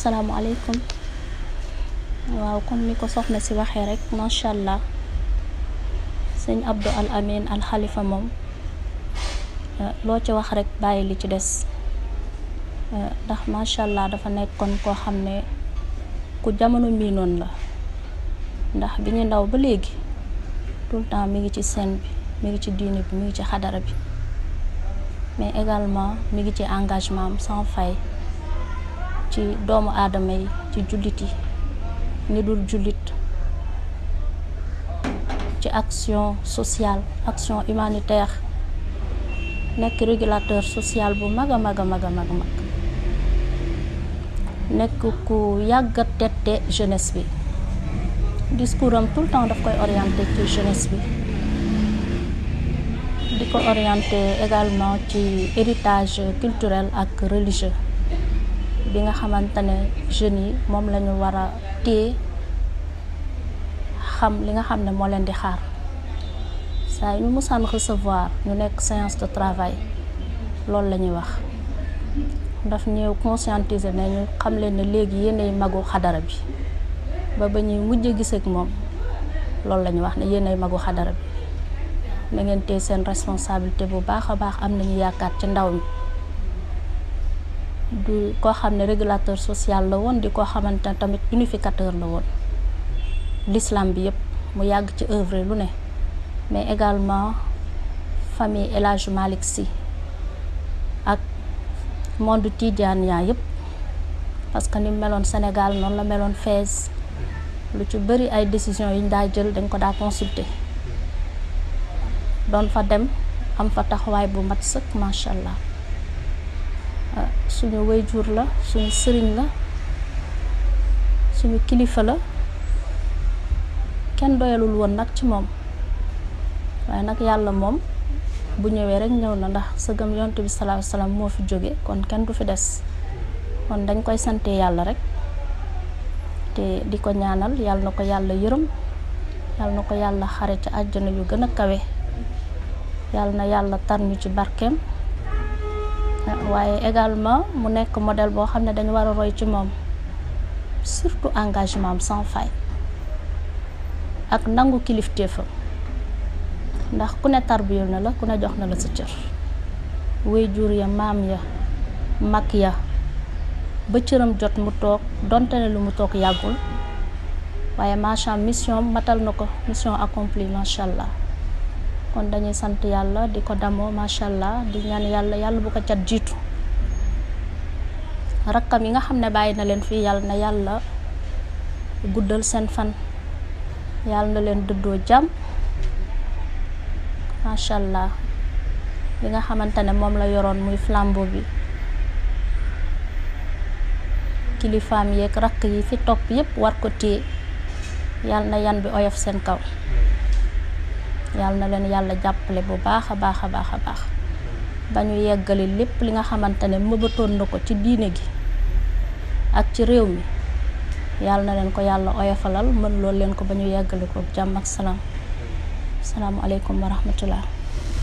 asalaamaaleykum waaw kon ni ko soxna si waxee rek macha allah sëñ Abdou Al Amin Al xalifa moom eh, loo ci wax rek bàyyi li ci des eh, ndax macha allah dafa nekkoon koo xam ne ku jamono mii noonu la ndax bi ñu ndaw ba léegi tout le temps mi ngi ci seen bi mi ngi ci diine bi mi ngi ci xadara bi mais également mi ngi ci engagement am sans faille. ci doomu aadama yi ci jullit yi ni dul jullit ci action sociale action humanitaire nekk régulateur sociale bu mag a mag a mag a mag mag nekk ku yàgg a tette jeunesse bi discours am tout le temps daf koy orienté ci jeunesse bi di ko orienté également ci héritage culturel ak religieux bi nga xamante ne jeunes yi moom lañu ñu war a téye xam li nga xam ne moo leen di xaar saa yu ñu musaan recevoir ñu nekk séance de travail loolu la ñuy wax ndaf ñëw conscientiser ne ñu xam leen ne léegi yéenay magu xadara bi ba ba ñuy mujj giseek moom loolu la ñuy wax ne yéenay magu xadara bi na ngeen téye seen responsabilité bu baax a baax am na ñu yaakaar ci ndaw mi. du koo xam ne régulateur social la woon di koo xamante ne tamit unificateur la woon l'islam bi yëpp mu yàgg ci œuvre lu ne mais également famille El Hadj Malick Sy ak monde tidiane yaa yëpp parce que ni meloon Sénégal noonu la meloon Fès lu ci bëri ay décisions yi ñu daa jël dañ ko daa consulter doon fa dem am fa taxawaay bu mat sëkk macha allah. suñu wayjur la suñu sëriñ la suñu kilifa la kenn doyalul woon nag ci moom waaye nag yàlla moom bu ñëwee rek ñëw na ndax sëgam yonent bi salaahu salaam moo fi jóge kon kenn du fi des kon dañ koy sante yàlla rek te di ko ñaanal yàlla ko yàlla yërëm yàlla na ko yàlla xare ci àjjana yu gën a kawe yàlla na yàlla tar ci barkeem waaye également mu nekk modèle boo xam ne dañu war a roy ci moom surtout engagement am sans faille ak nangu kilifteefam ndax ku ne tarbiyul na la ku ne jox na la sa cër waajur ya maam ya mag ya ba cëram jot mu toog donte ne lu mu toog yàggul waaye macha mission matal na ko mission accomplie macha kon dañuy sant yàlla di ko damoo macha allah di ñaan yàlla yàlla bu ko cat jiitu rakkam yi nga xam ne bàyyi na leen fii yàlla na yàlla guddal seen fan yàlla na leen dëddoo jàmm macha allah li nga xamante ne moom la yoroon muy flambeau bi kilifaam yeeg rakk yi fi topp yépp war ko téye yàlla na yan bi oyof seen kaw yàlla na leen yàlla jàppale bu baax a baax a baax a baax ba ñu yeggale lépp li nga xamante ne mëbatoon na ko ci diine gi ak ci réew mi yàlla na leen ko yàlla oyofalal mën loolu leen ko ba ñu yeggale ko jàmm ak salaam asalaamualeykum wa rahmatullah